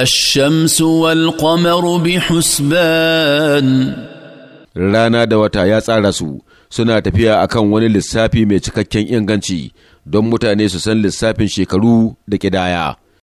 الشمس والقمر rana da wata ya tsara su suna tafiya akan wani lissafi mai cikakken inganci don mutane su san lissafin shekaru da ƙidaya.